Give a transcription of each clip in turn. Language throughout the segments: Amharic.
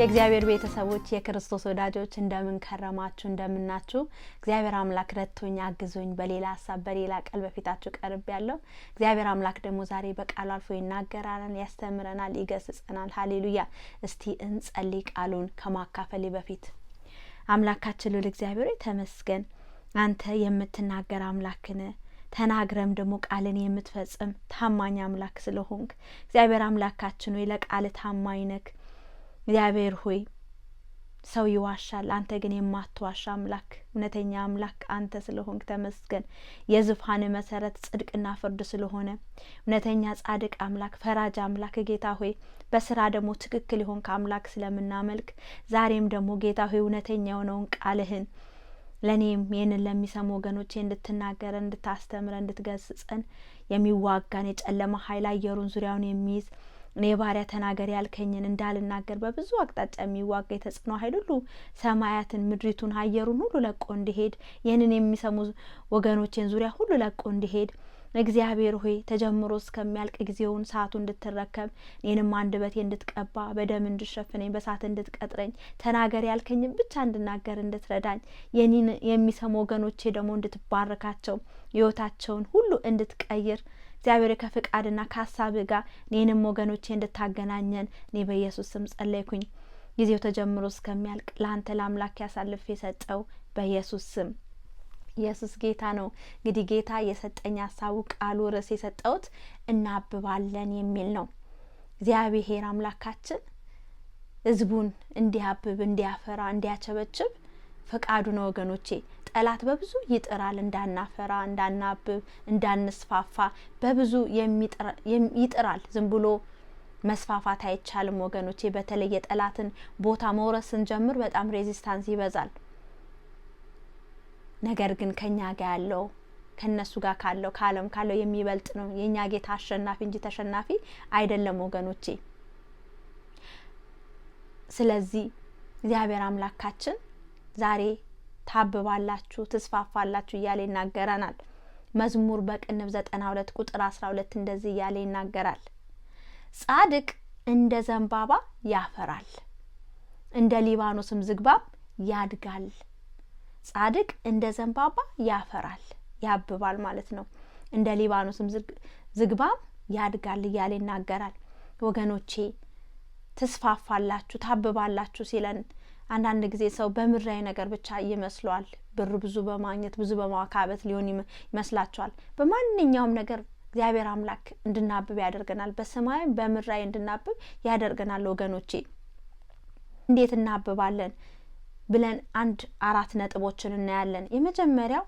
የእግዚአብሔር ቤተሰቦች የክርስቶስ ወዳጆች እንደምንከረማችሁ እንደምናችሁ? እግዚአብሔር አምላክ ረቶኝ አግዞኝ በሌላ ሀሳብ በሌላ ቃል በፊታችሁ ቀርብ ያለው እግዚአብሔር አምላክ ደግሞ ዛሬ በቃሉ አልፎ ይናገራናል፣ ያስተምረናል፣ ይገስጸናል። ሀሌሉያ! እስቲ እንጸልይ። ቃሉን ከማካፈሌ በፊት አምላካችን ልል እግዚአብሔር ተመስገን፣ አንተ የምትናገር አምላክን ተናግረም ደግሞ ቃልን የምትፈጽም ታማኝ አምላክ ስለሆንክ እግዚአብሔር አምላካችን ወይ ለቃል ታማኝ ነክ እግዚአብሔር ሆይ ሰው ይዋሻል፣ አንተ ግን የማትዋሻ አምላክ እውነተኛ አምላክ አንተ ስለሆንክ ተመስገን። የዙፋን መሰረት ጽድቅና ፍርድ ስለሆነ እውነተኛ ጻድቅ አምላክ፣ ፈራጅ አምላክ ጌታ ሆይ በስራ ደግሞ ትክክል የሆንክ አምላክ ስለምናመልክ ዛሬም ደግሞ ጌታ ሆይ እውነተኛ የሆነውን ቃልህን ለእኔም ይህንን ለሚሰሙ ወገኖቼ እንድትናገረ እንድታስተምረ እንድትገስጸን የሚዋጋን የጨለማ ኃይል አየሩን ዙሪያውን የሚይዝ እኔ ባሪያ ተናገር ያልከኝን እንዳልናገር በብዙ አቅጣጫ የሚዋጋ የተጽዕኖ ኃይል ሁሉ ሰማያትን፣ ምድሪቱን፣ አየሩን ሁሉ ለቆ እንዲሄድ ይህንን የሚሰሙ ወገኖቼን ዙሪያ ሁሉ ለቆ እንዲሄድ እግዚአብሔር ሆይ ተጀምሮ እስከሚያልቅ ጊዜውን ሰዓቱ እንድትረከብ እኔንም በቴ እንድትቀባ በደም እንድሸፍነኝ በሳት እንድትቀጥረኝ ተናገር ያልከኝም ብቻ እንድናገር እንድትረዳኝ የኔን የሚሰሙ ወገኖቼ ደግሞ እንድትባርካቸው ህይወታቸውን ሁሉ እንድትቀይር እግዚአብሔር ከፍቃድና ከሀሳብ ጋር እኔንም ወገኖቼ እንድታገናኘን እኔ በኢየሱስ ስም ጸለይኩኝ። ጊዜው ተጀምሮ እስከሚያልቅ ለአንተ ለአምላክ ያሳልፍ የሰጠው በኢየሱስ ስም ኢየሱስ ጌታ ነው። እንግዲህ ጌታ የሰጠኝ ሀሳቡ ቃሉ ርዕስ የሰጠውት እናብባለን የሚል ነው። እግዚአብሔር አምላካችን ህዝቡን እንዲያብብ እንዲያፈራ እንዲያቸበችብ ፈቃዱ ነው ወገኖቼ። ጠላት በብዙ ይጥራል እንዳናፈራ፣ እንዳናብብ፣ እንዳንስፋፋ በብዙ ይጥራል። ዝም ብሎ መስፋፋት አይቻልም ወገኖቼ። በተለይ የጠላትን ቦታ መውረስ ስንጀምር በጣም ሬዚስታንስ ይበዛል። ነገር ግን ከኛ ጋር ያለው ከነሱ ጋር ካለው ከአለም ካለው የሚበልጥ ነው። የእኛ ጌታ አሸናፊ እንጂ ተሸናፊ አይደለም ወገኖቼ። ስለዚህ እግዚአብሔር አምላካችን ዛሬ ታብባላችሁ፣ ትስፋፋላችሁ እያለ ይናገረናል። መዝሙር በቅንብ ዘጠና ሁለት ቁጥር አስራ ሁለት እንደዚህ እያለ ይናገራል። ጻድቅ እንደ ዘንባባ ያፈራል፣ እንደ ሊባኖስም ዝግባም ያድጋል። ጻድቅ እንደ ዘንባባ ያፈራል ያብባል ማለት ነው። እንደ ሊባኖስም ዝግባም ያድጋል እያለ ይናገራል። ወገኖቼ ትስፋፋላችሁ፣ ታብባላችሁ ሲለን አንዳንድ ጊዜ ሰው በምድራዊ ነገር ብቻ ይመስለዋል። ብር ብዙ በማግኘት ብዙ በማካበት ሊሆን ይመስላቸዋል። በማንኛውም ነገር እግዚአብሔር አምላክ እንድናብብ ያደርገናል። በሰማያዊ በምድራዊ እንድናብብ ያደርገናል። ወገኖቼ እንዴት እናብባለን ብለን አንድ አራት ነጥቦችን እናያለን። የመጀመሪያው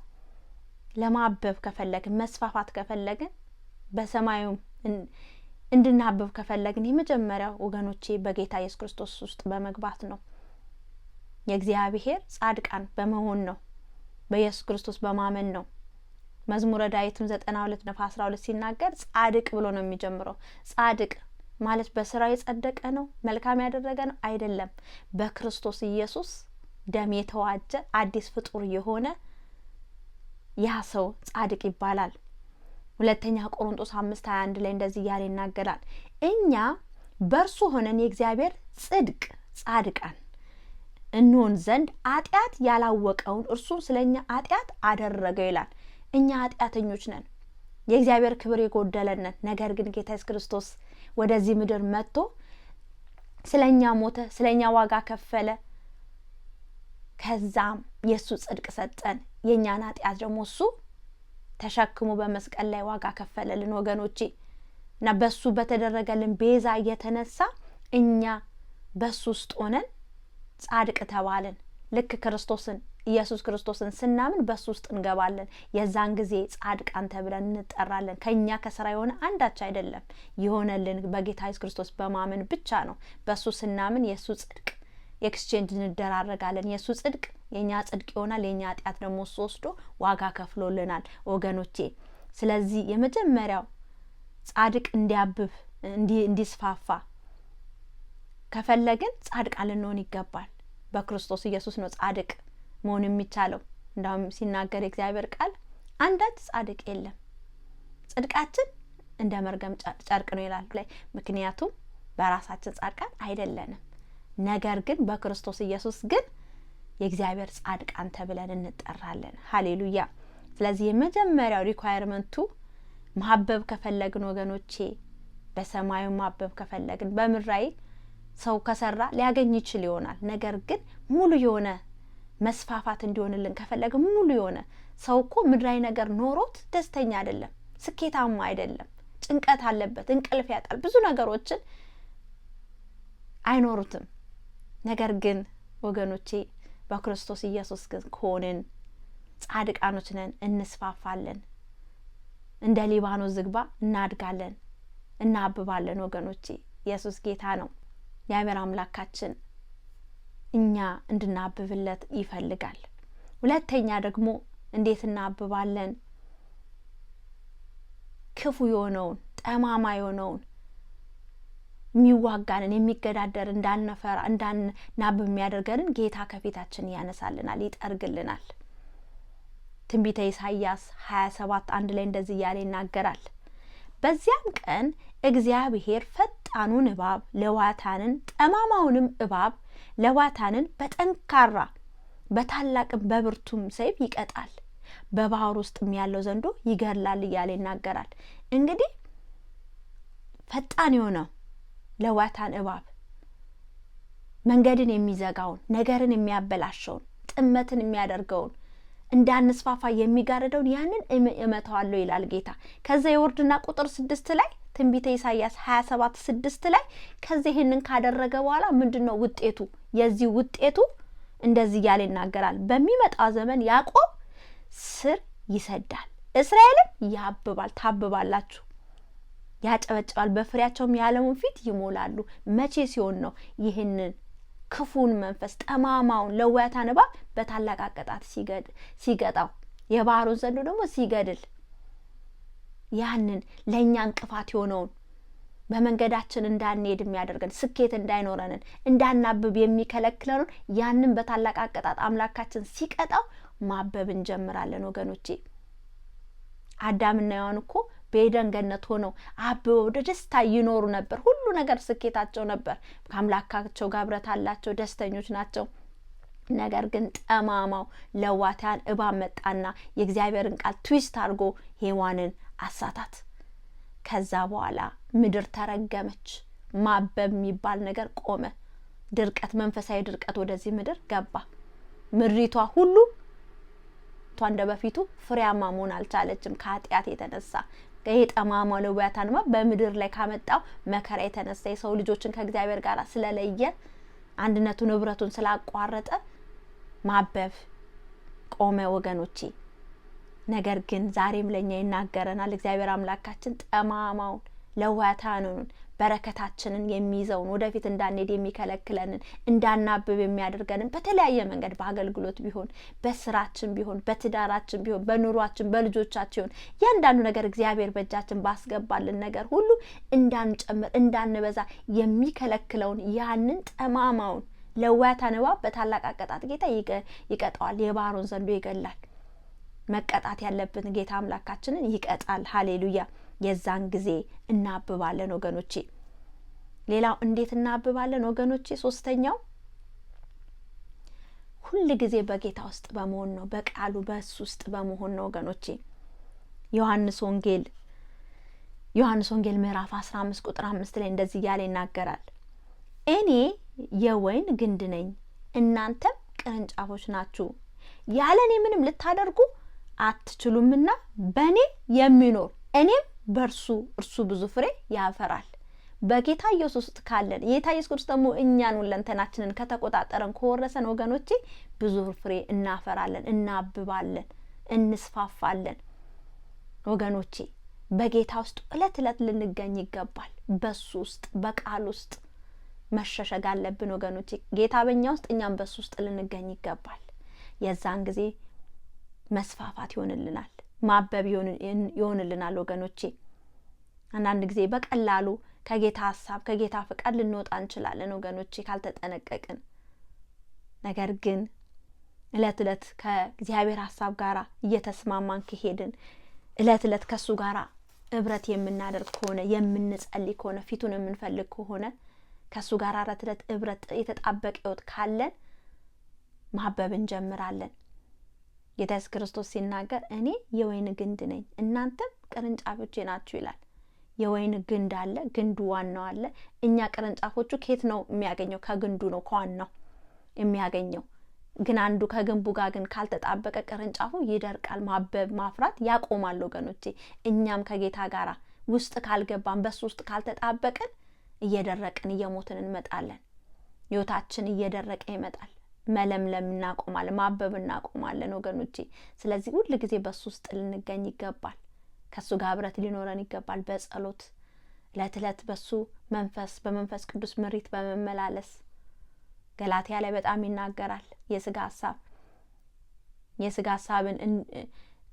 ለማበብ ከፈለግን መስፋፋት ከፈለግን በሰማዩም እንድናብብ ከፈለግን የመጀመሪያው ወገኖቼ በጌታ ኢየሱስ ክርስቶስ ውስጥ በመግባት ነው። የእግዚአብሔር ጻድቃን በመሆን ነው፣ በኢየሱስ ክርስቶስ በማመን ነው። መዝሙረ ዳዊትም ዘጠና ሁለት ነፋ አስራ ሁለት ሲናገር ጻድቅ ብሎ ነው የሚጀምረው። ጻድቅ ማለት በስራው የጸደቀ ነው፣ መልካም ያደረገ ነው አይደለም። በክርስቶስ ኢየሱስ ደም የተዋጀ አዲስ ፍጡር የሆነ ያ ሰው ጻድቅ ይባላል። ሁለተኛ ቆሮንጦስ አምስት ሀያ አንድ ላይ እንደዚህ እያለ ይናገራል። እኛ በእርሱ ሆነን የእግዚአብሔር ጽድቅ ጻድቃን እንሆን ዘንድ አጥያት ያላወቀውን እርሱም ስለ እኛ ኃጢአት አደረገ ይላል። እኛ ኃጢአተኞች ነን፣ የእግዚአብሔር ክብር የጎደለን ነን። ነገር ግን ጌታ ኢየሱስ ክርስቶስ ወደዚህ ምድር መጥቶ ስለ እኛ ሞተ፣ ስለ እኛ ዋጋ ከፈለ። ከዛም የእሱ ጽድቅ ሰጠን፣ የእኛን ኃጢአት ደግሞ እሱ ተሸክሞ በመስቀል ላይ ዋጋ ከፈለልን ወገኖቼ እና በሱ በተደረገልን ቤዛ የተነሳ እኛ በሱ ውስጥ ሆነን ጻድቅ ተባልን። ልክ ክርስቶስን ኢየሱስ ክርስቶስን ስናምን በሱ ውስጥ እንገባለን። የዛን ጊዜ ጻድቃን ተብለን እንጠራለን። ከእኛ ከስራ የሆነ አንዳች አይደለም፣ የሆነልን በጌታ ኢየሱስ ክርስቶስ በማመን ብቻ ነው። በሱ ስናምን የእሱ ጽድቅ ኤክስቼንጅ እንደራረጋለን። የእሱ ጽድቅ የእኛ ጽድቅ ይሆናል። የእኛ ኃጢአት ደግሞ እሱ ወስዶ ዋጋ ከፍሎልናል ወገኖቼ። ስለዚህ የመጀመሪያው ጻድቅ እንዲያብብ እንዲስፋፋ ከፈለግን ጻድቃን ልንሆን ይገባል። በክርስቶስ ኢየሱስ ነው ጻድቅ መሆን የሚቻለው። እንዳውም ሲናገር የእግዚአብሔር ቃል አንዳች ጻድቅ የለም፣ ጽድቃችን እንደ መርገም ጨርቅ ነው ይላል ላይ ምክንያቱም በራሳችን ጻድቃን አይደለንም። ነገር ግን በክርስቶስ ኢየሱስ ግን የእግዚአብሔር ጻድቃን ተብለን እንጠራለን። ሀሌሉያ። ስለዚህ የመጀመሪያው ሪኳየርመንቱ ማህበብ ከፈለግን ወገኖቼ፣ በሰማዩ ማበብ ከፈለግን በምድራዊ ሰው ከሰራ ሊያገኝ ይችል ይሆናል። ነገር ግን ሙሉ የሆነ መስፋፋት እንዲሆንልን ከፈለገ ሙሉ የሆነ ሰው እኮ ምድራዊ ነገር ኖሮት ደስተኛ አይደለም፣ ስኬታማ አይደለም፣ ጭንቀት አለበት፣ እንቅልፍ ያጣል፣ ብዙ ነገሮችን አይኖሩትም። ነገር ግን ወገኖቼ በክርስቶስ ኢየሱስ ግን ከሆንን ጻድቃኖች ነን፣ እንስፋፋለን፣ እንደ ሊባኖስ ዝግባ እናድጋለን፣ እናብባለን። ወገኖቼ ኢየሱስ ጌታ ነው። የአይምር አምላካችን እኛ እንድናብብለት ይፈልጋል። ሁለተኛ ደግሞ እንዴት እናብባለን? ክፉ የሆነውን ጠማማ የሆነውን የሚዋጋንን የሚገዳደር እንዳንፈራ እንዳናብብ የሚያደርገንን ጌታ ከፊታችን ያነሳልናል፣ ይጠርግልናል። ትንቢተ ኢሳይያስ ሀያ ሰባት አንድ ላይ እንደዚህ እያለ ይናገራል። በዚያም ቀን እግዚአብሔር ፈጣኑን እባብ ለዋታንን ጠማማውንም እባብ ለዋታንን በጠንካራ በታላቅም በብርቱም ሰይፍ ይቀጣል፣ በባህር ውስጥም ያለው ዘንዶ ይገድላል እያለ ይናገራል። እንግዲህ ፈጣን የሆነው ለዋታን እባብ መንገድን የሚዘጋውን ነገርን የሚያበላሸውን ጥመትን የሚያደርገውን እንዳንስፋፋ የሚጋርደውን ያንን እመተዋለሁ ይላል ጌታ። ከዛ የወርድና ቁጥር ስድስት ላይ ትንቢተ ኢሳያስ 27 ስድስት ላይ ከዚህ ይህንን ካደረገ በኋላ ምንድን ነው ውጤቱ? የዚህ ውጤቱ እንደዚህ እያለ ይናገራል። በሚመጣ ዘመን ያዕቆብ ስር ይሰዳል፣ እስራኤልም ያብባል። ታብባላችሁ፣ ያጨበጭባል፣ በፍሬያቸውም የዓለሙን ፊት ይሞላሉ። መቼ ሲሆን ነው ይህንን ክፉን መንፈስ ጠማማውን ለወያታ ንባብ በታላቅ አቀጣት ሲገጣው የባህሩን ዘንዶ ደግሞ ሲገድል ያንን ለእኛ እንቅፋት የሆነውን በመንገዳችን እንዳንሄድ የሚያደርገን ስኬት እንዳይኖረንን እንዳናብብ የሚከለክለንን ያንን በታላቅ አቀጣጥ አምላካችን ሲቀጣው ማበብ እንጀምራለን። ወገኖቼ አዳምና ሔዋን እኮ በኤደን ገነት ሆነው አብበው ደስታ ይኖሩ ነበር። ሁሉ ነገር ስኬታቸው ነበር። ከአምላካቸው ጋር አላቸው፣ ደስተኞች ናቸው። ነገር ግን ጠማማው ለዋታያን እባብ መጣና የእግዚአብሔርን ቃል ትዊስት አድርጎ ሔዋንን አሳታት። ከዛ በኋላ ምድር ተረገመች። ማበብ የሚባል ነገር ቆመ። ድርቀት፣ መንፈሳዊ ድርቀት ወደዚህ ምድር ገባ። ምድሪቷ ሁሉ ቷ እንደ በፊቱ ፍሬያማ መሆን አልቻለችም። ከኃጢአት የተነሳ የጠማማ ልዋያታንማ በምድር ላይ ካመጣው መከራ የተነሳ የሰው ልጆችን ከእግዚአብሔር ጋር ስለለየ አንድነቱን ህብረቱን ስላቋረጠ ማበብ ቆመ ወገኖቼ። ነገር ግን ዛሬም ለእኛ ይናገረናል። እግዚአብሔር አምላካችን ጠማማውን ለዋታኑን በረከታችንን የሚይዘውን ወደፊት እንዳንሄድ የሚከለክለንን እንዳናብብ የሚያደርገንን በተለያየ መንገድ በአገልግሎት ቢሆን በስራችን ቢሆን በትዳራችን ቢሆን በኑሯችን በልጆቻችን እያንዳንዱ ነገር እግዚአብሔር በእጃችን ባስገባልን ነገር ሁሉ እንዳንጨምር እንዳንበዛ የሚከለክለውን ያንን ጠማማውን ለዋያታ እባብ በታላቅ አቀጣጥ ጌታ ይቀጠዋል፣ የባህሩን ዘንዶ ይገላል። መቀጣት ያለብን ጌታ አምላካችንን ይቀጣል። ሀሌሉያ! የዛን ጊዜ እናብባለን ወገኖቼ። ሌላው እንዴት እናብባለን ወገኖቼ? ሶስተኛው ሁል ጊዜ በጌታ ውስጥ በመሆን ነው። በቃሉ በእሱ ውስጥ በመሆን ነው ወገኖቼ። ዮሐንስ ወንጌል ዮሐንስ ወንጌል ምዕራፍ 15 ቁጥር 5 ላይ እንደዚህ እያለ ይናገራል። እኔ የወይን ግንድ ነኝ፣ እናንተም ቅርንጫፎች ናችሁ። ያለ እኔ ምንም ልታደርጉ አትችሉምና በእኔ የሚኖር እኔም በእርሱ እርሱ ብዙ ፍሬ ያፈራል። በጌታ ኢየሱስ ውስጥ ካለን የጌታ ኢየሱስ ክርስቶስ ደግሞ እኛን ሁለንተናችንን ከተቆጣጠረን ከወረሰን ወገኖቼ ብዙ ፍሬ እናፈራለን፣ እናብባለን፣ እንስፋፋለን። ወገኖቼ በጌታ ውስጥ እለት እለት ልንገኝ ይገባል። በሱ ውስጥ በቃል ውስጥ መሸሸግ አለብን ወገኖቼ። ጌታ በእኛ ውስጥ፣ እኛም በሱ ውስጥ ልንገኝ ይገባል። የዛን ጊዜ መስፋፋት ይሆንልናል፣ ማበብ ይሆንልናል። ወገኖቼ አንዳንድ ጊዜ በቀላሉ ከጌታ ሀሳብ ከጌታ ፍቃድ ልንወጣ እንችላለን ወገኖቼ ካልተጠነቀቅን። ነገር ግን እለት እለት ከእግዚአብሔር ሀሳብ ጋር እየተስማማን ከሄድን እለት እለት ከእሱ ጋር እብረት የምናደርግ ከሆነ የምንጸልይ ከሆነ ፊቱን የምንፈልግ ከሆነ ከእሱ ጋር እለት እለት እብረት የተጣበቀ ህይወት ካለን ማበብ እንጀምራለን። ጌታ ኢየሱስ ክርስቶስ ሲናገር እኔ የወይን ግንድ ነኝ እናንተም ቅርንጫፎቼ ናችሁ ይላል። የወይን ግንድ አለ፣ ግንዱ ዋናው አለ። እኛ ቅርንጫፎቹ ከየት ነው የሚያገኘው? ከግንዱ ነው ከዋናው የሚያገኘው። ግን አንዱ ከግንቡ ጋር ግን ካልተጣበቀ ቅርንጫፉ ይደርቃል፣ ማበብ ማፍራት ያቆማል። ወገኖቼ እኛም ከጌታ ጋራ ውስጥ ካልገባን በሱ ውስጥ ካልተጣበቅን እየደረቅን እየሞትን እንመጣለን። ህይወታችን እየደረቀ ይመጣል። መለምለም እናቆማለን፣ ማበብ እናቆማለን ወገኖቼ። ስለዚህ ሁል ጊዜ በሱ ውስጥ ልንገኝ ይገባል። ከእሱ ጋር ህብረት ሊኖረን ይገባል። በጸሎት እለት እለት በሱ መንፈስ በመንፈስ ቅዱስ ምሪት በመመላለስ ገላትያ ላይ በጣም ይናገራል። የስጋ ሀሳብ የስጋ ሀሳብን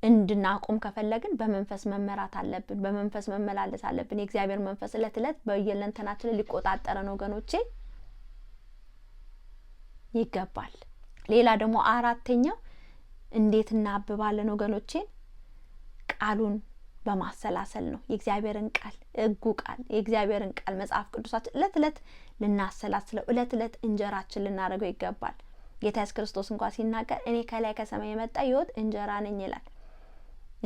እንድናቆም ከፈለግን በመንፈስ መመራት አለብን። በመንፈስ መመላለስ አለብን። የእግዚአብሔር መንፈስ እለት እለት በየለንተናችን ሊቆጣጠረን ወገኖቼ ይገባል። ሌላ ደግሞ አራተኛው እንዴት እናብባለን ወገኖቼን ቃሉን በማሰላሰል ነው። የእግዚአብሔርን ቃል እጉ ቃል የእግዚአብሔርን ቃል መጽሐፍ ቅዱሳችን እለት እለት ልናሰላስለው እለት እለት እንጀራችን ልናደርገው ይገባል። ጌታ ኢየሱስ ክርስቶስ እንኳ ሲናገር እኔ ከላይ ከሰማይ የመጣ ሕይወት እንጀራ ነኝ ይላል።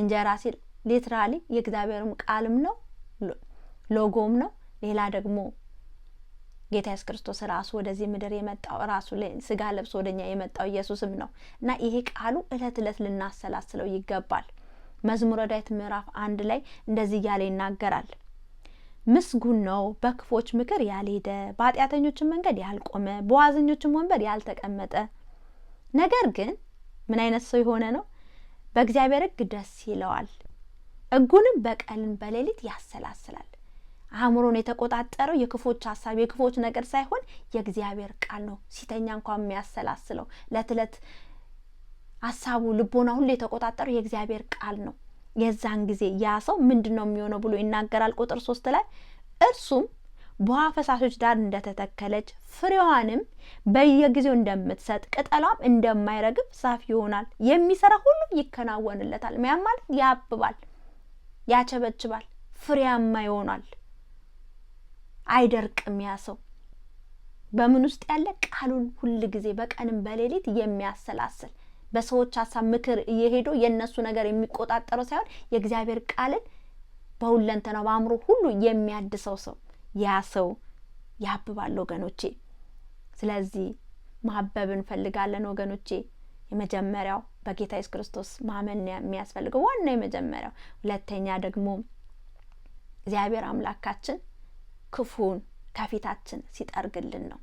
እንጀራ ሲል ሊትራሊ የእግዚአብሔርም ቃልም ነው ሎጎም ነው። ሌላ ደግሞ ጌታ ኢየሱስ ክርስቶስ ራሱ ወደዚህ ምድር የመጣው ራሱ ስጋ ለብሶ ወደኛ የመጣው ኢየሱስም ነው እና ይሄ ቃሉ እለት እለት ልናሰላስለው ይገባል። መዝሙረ ዳዊት ምዕራፍ አንድ ላይ እንደዚህ እያለ ይናገራል። ምስጉን ነው በክፎች ምክር ያልሄደ፣ በኃጢአተኞችን መንገድ ያልቆመ፣ በዋዘኞችን ወንበር ያልተቀመጠ። ነገር ግን ምን አይነት ሰው የሆነ ነው? በእግዚአብሔር ሕግ ደስ ይለዋል፣ ሕጉንም በቀልን በሌሊት ያሰላስላል። አእምሮን የተቆጣጠረው የክፎች ሀሳብ የክፎች ነገር ሳይሆን የእግዚአብሔር ቃል ነው። ሲተኛ እንኳን የሚያሰላስለው ለትለት ሀሳቡ ልቦና ሁሉ የተቆጣጠረው የእግዚአብሔር ቃል ነው። የዛን ጊዜ ያ ሰው ምንድን ነው የሚሆነው ብሎ ይናገራል። ቁጥር ሶስት ላይ እርሱም በውሃ ፈሳሾች ዳር እንደተተከለች ፍሬዋንም በየጊዜው እንደምትሰጥ ቅጠሏም እንደማይረግብ ዛፍ ይሆናል። የሚሰራ ሁሉ ይከናወንለታል። ሚያም ማለት ያብባል፣ ያቸበችባል፣ ፍሬያማ ይሆናል። አይደርቅም። ያ ሰው በምን ውስጥ ያለ ቃሉን ሁል ጊዜ በቀንም በሌሊት የሚያሰላስል በሰዎች ሀሳብ ምክር እየሄዱ የእነሱ ነገር የሚቆጣጠረው ሳይሆን የእግዚአብሔር ቃልን በሁለንተናው በአእምሮ ሁሉ የሚያድሰው ሰው ያ ሰው ያብባል ወገኖቼ። ስለዚህ ማበብ እንፈልጋለን ወገኖቼ። የመጀመሪያው በጌታ ኢየሱስ ክርስቶስ ማመን የሚያስፈልገው ዋና የመጀመሪያው። ሁለተኛ ደግሞ እግዚአብሔር አምላካችን ክፉን ከፊታችን ሲጠርግልን ነው።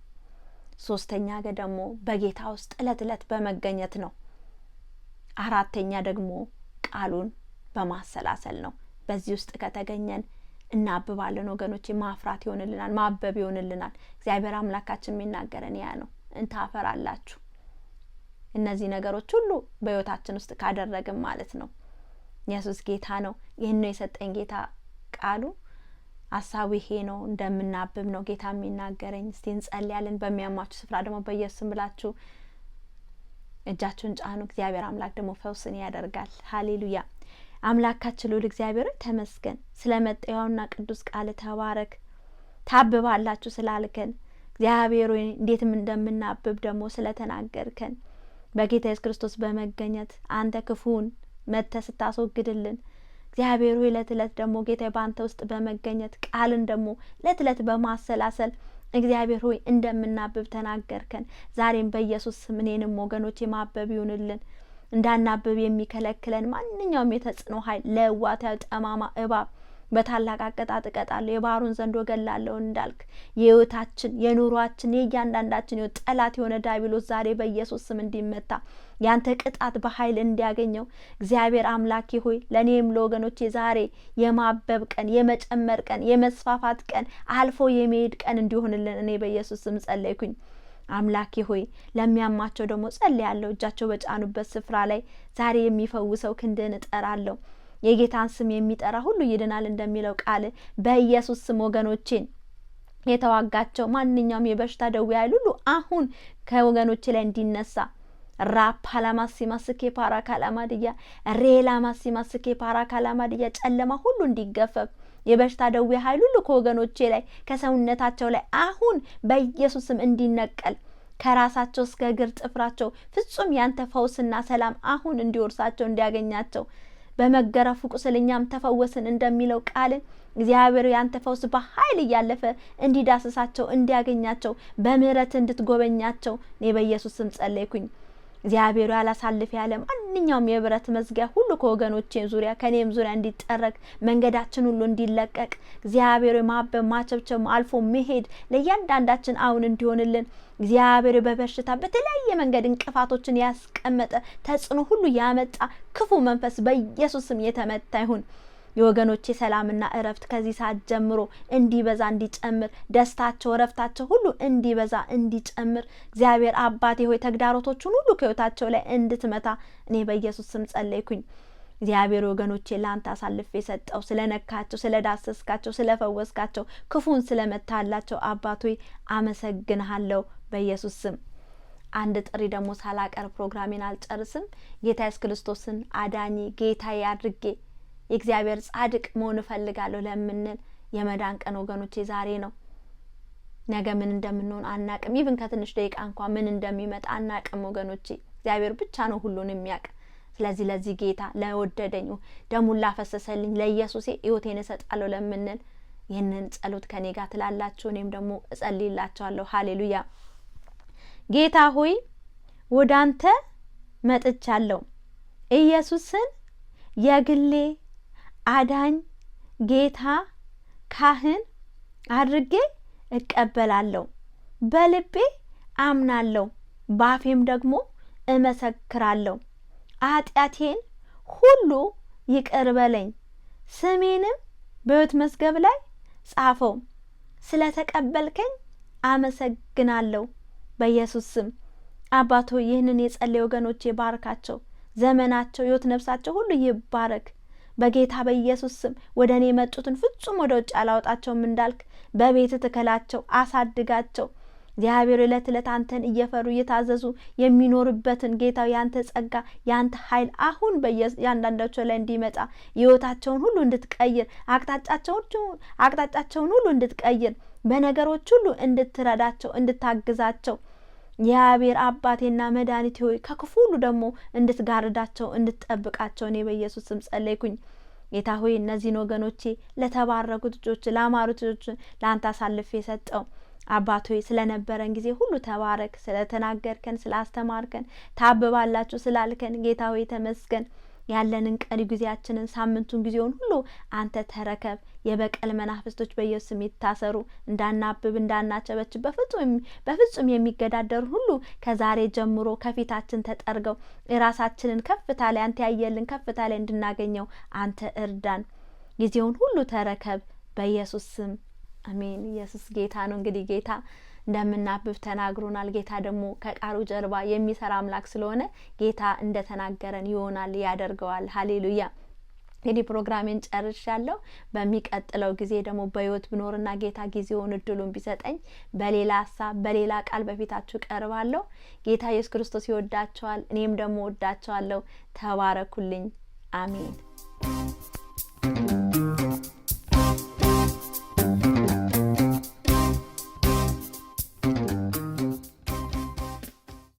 ሶስተኛ ደግሞ በጌታ ውስጥ እለት እለት በመገኘት ነው። አራተኛ ደግሞ ቃሉን በማሰላሰል ነው። በዚህ ውስጥ ከተገኘን እናብባለን ወገኖች፣ ማፍራት ይሆንልናል፣ ማበብ ይሆንልናል። እግዚአብሔር አምላካችን የሚናገረን ያ ነው። እንታፈራላችሁ እነዚህ ነገሮች ሁሉ በህይወታችን ውስጥ ካደረግን ማለት ነው። ኢየሱስ ጌታ ነው። ይህን ነው የሰጠኝ ጌታ ቃሉ ሀሳቡ ይሄ ነው እንደምናብብ ነው ጌታ የሚናገረኝ። እስቲ እንጸልያለን። በሚያማችሁ ስፍራ ደግሞ በኢየሱስም ብላችሁ እጃችሁን ጫኑ። እግዚአብሔር አምላክ ደግሞ ፈውስን ያደርጋል። ሀሌሉያ። አምላካችን ልዑል እግዚአብሔር ተመስገን። ስለ መጠያውና ቅዱስ ቃል ተባረክ። ታብባላችሁ ስላልከን እግዚአብሔር እንዴትም እንደምናብብ ደግሞ ስለተናገርከን በጌታ የሱስ ክርስቶስ በመገኘት አንተ ክፉን መተ ስታስወግድልን እግዚአብሔር ሆይ ለት ለት ደግሞ ጌታ በአንተ ውስጥ በመገኘት ቃልን ደግሞ ለት ለት በማሰላሰል እግዚአብሔር ሆይ እንደምናብብ ተናገርከን። ዛሬም በኢየሱስ ስም እኔንም ወገኖች የማበብ ይሁንልን። እንዳናብብ የሚከለክለን ማንኛውም የተጽዕኖ ኃይል ለዋት ጠማማ እባብ በታላቅ አቀጣጥ እቀጣለሁ፣ የባህሩን ዘንዶ ገላለሁ እንዳልክ የህይወታችን የኑሯችን የእያንዳንዳችን ህይወት ጠላት የሆነ ዲያብሎስ ዛሬ በኢየሱስ ስም እንዲመታ ያንተ ቅጣት በኃይል እንዲያገኘው እግዚአብሔር አምላኬ ሆይ ለእኔም ለወገኖቼ ዛሬ የማበብ ቀን፣ የመጨመር ቀን፣ የመስፋፋት ቀን፣ አልፎ የመሄድ ቀን እንዲሆንልን እኔ በኢየሱስ ስም ጸለይኩኝ። አምላኬ ሆይ ለሚያማቸው ደግሞ ጸልያለሁ። እጃቸው በጫኑበት ስፍራ ላይ ዛሬ የሚፈውሰው ክንድህን እጠራለሁ። የጌታን ስም የሚጠራ ሁሉ ይድናል እንደሚለው ቃል በኢየሱስ ስም ወገኖቼን የተዋጋቸው ማንኛውም የበሽታ ደዌ ያሉ ሁሉ አሁን ከወገኖቼ ላይ እንዲነሳ ራፕ ሀላማሲማ ስኬ ፓራ ካላማድያ ሬላ ማሲማ ፓራ ካላማድያ ጨለማ ሁሉ እንዲገፈብ የበሽታ ደዌ ኃይል ሁሉ ከወገኖቼ ላይ ከሰውነታቸው ላይ አሁን በኢየሱስም እንዲነቀል ከራሳቸው እስከ እግር ጥፍራቸው ፍጹም ያንተ ፈውስና ሰላም አሁን እንዲወርሳቸው እንዲያገኛቸው በመገረፉ ቁስልኛም ተፈወስን እንደሚለው ቃል እግዚአብሔር ያንተ ፈውስ በኃይል እያለፈ እንዲዳስሳቸው እንዲያገኛቸው በምሕረት እንድትጎበኛቸው እኔ በኢየሱስ ስም ጸለይኩኝ። እግዚአብሔር ያላሳልፍ ያለ ማንኛውም የብረት መዝጊያ ሁሉ ከወገኖቼ ዙሪያ ከኔም ዙሪያ እንዲጠረግ መንገዳችን ሁሉ እንዲለቀቅ እግዚአብሔር ማበብ፣ ማቸብቸብ፣ አልፎ መሄድ ለእያንዳንዳችን አሁን እንዲሆንልን እግዚአብሔር በበሽታ በተለያየ መንገድ እንቅፋቶችን ያስቀመጠ ተጽዕኖ ሁሉ ያመጣ ክፉ መንፈስ በኢየሱስም የተመታ ይሁን። የወገኖቼ ሰላምና እረፍት ከዚህ ሰዓት ጀምሮ እንዲበዛ እንዲጨምር፣ ደስታቸው እረፍታቸው ሁሉ እንዲበዛ እንዲጨምር፣ እግዚአብሔር አባቴ ሆይ ተግዳሮቶቹን ሁሉ ከህይወታቸው ላይ እንድትመታ እኔ በኢየሱስ ስም ጸለይኩኝ። እግዚአብሔር ወገኖቼ ለአንተ አሳልፍ የሰጠው ስለ ነካቸው፣ ስለ ዳሰስካቸው፣ ስለ ፈወስካቸው፣ ክፉን ስለ መታላቸው አባቶ አመሰግንሃለሁ በኢየሱስ ስም። አንድ ጥሪ ደግሞ ሳላቀር ፕሮግራሜን አልጨርስም። ጌታ ኢየሱስ ክርስቶስን አዳኝ ጌታዬ አድርጌ የእግዚአብሔር ጻድቅ መሆን እፈልጋለሁ ለምንል የመዳን ቀን ወገኖቼ ዛሬ ነው። ነገ ምን እንደምንሆን አናቅም። ይብን ከትንሽ ደቂቃ እንኳ ምን እንደሚመጣ አናቅም ወገኖቼ። እግዚአብሔር ብቻ ነው ሁሉን የሚያውቅ። ስለዚህ ለዚህ ጌታ ለወደደኝ ደሙን ላፈሰሰልኝ ለኢየሱሴ ህይወቴን እሰጣለሁ ለምንል ይህንን ጸሎት ከኔ ጋር ትላላችሁ። እኔም ደግሞ እጸልይላችኋለሁ። ሀሌሉያ። ጌታ ሆይ አንተ መጥቻለሁ። ኢየሱስን የግሌ አዳኝ፣ ጌታ፣ ካህን አድርጌ እቀበላለሁ። በልቤ አምናለሁ፣ ባፌም ደግሞ እመሰክራለሁ። አጢአቴን ሁሉ ይቅር በለኝ፣ ስሜንም በሕይወት መዝገብ ላይ ጻፈው። ስለ ተቀበልከኝ አመሰግናለሁ። በኢየሱስ ስም አባቶ ይህንን የጸለይ ወገኖች ባርካቸው፣ ዘመናቸው፣ ሕይወት፣ ነፍሳቸው ሁሉ ይባረክ። በጌታ በኢየሱስ ስም ወደ እኔ የመጡትን ፍጹም ወደ ውጭ አላወጣቸውም እንዳልክ በቤት ትከላቸው፣ አሳድጋቸው። እግዚአብሔር ዕለት ዕለት አንተን እየፈሩ እየታዘዙ የሚኖርበትን ጌታው ያንተ ጸጋ ያንተ ኃይል አሁን በእያንዳንዳቸው ላይ እንዲመጣ ህይወታቸውን ሁሉ እንድትቀይር አቅጣጫቸውን ሁሉ እንድትቀይር በነገሮች ሁሉ እንድትረዳቸው እንድታግዛቸው የአብሔር አባቴና መድኃኒቴ ሆይ ከክፉ ሁሉ ደግሞ እንድትጋርዳቸው እንድትጠብቃቸው እኔ በኢየሱስ ስም ጸለይኩኝ። ጌታ ሆይ እነዚህን ወገኖቼ ለተባረኩት ልጆች ለአማሩት ልጆች ለአንተ አሳልፌ የሰጠው አባት ሆይ ስለነበረን ጊዜ ሁሉ ተባረክ። ስለተናገርከን፣ ስላስተማርከን፣ ታብባላችሁ ስላልከን ጌታ ሆይ ተመስገን። ያለንን ቀሪ ጊዜያችንን ሳምንቱን ጊዜውን ሁሉ አንተ ተረከብ። የበቀል መናፍስቶች በኢየሱስ ስም ይታሰሩ። እንዳናብብ እንዳናቸበች በፍጹም የሚገዳደሩ ሁሉ ከዛሬ ጀምሮ ከፊታችን ተጠርገው የራሳችንን ከፍታ ላይ አንተ ያየልን ከፍታ ላይ እንድናገኘው አንተ እርዳን። ጊዜውን ሁሉ ተረከብ በኢየሱስ ስም አሜን። ኢየሱስ ጌታ ነው። እንግዲህ ጌታ እንደምናብብ ተናግሮናል። ጌታ ደግሞ ከቃሉ ጀርባ የሚሰራ አምላክ ስለሆነ ጌታ እንደተናገረን ይሆናል፣ ያደርገዋል። ሀሌሉያ። እንግዲህ ፕሮግራሜን ጨርሻለሁ። በሚቀጥለው ጊዜ ደግሞ በህይወት ብኖርና ጌታ ጊዜውን እድሉን ቢሰጠኝ በሌላ ሀሳብ በሌላ ቃል በፊታችሁ ቀርባለሁ። ጌታ ኢየሱስ ክርስቶስ ይወዳቸዋል፣ እኔም ደግሞ ወዳቸዋለሁ። ተባረኩልኝ። አሜን።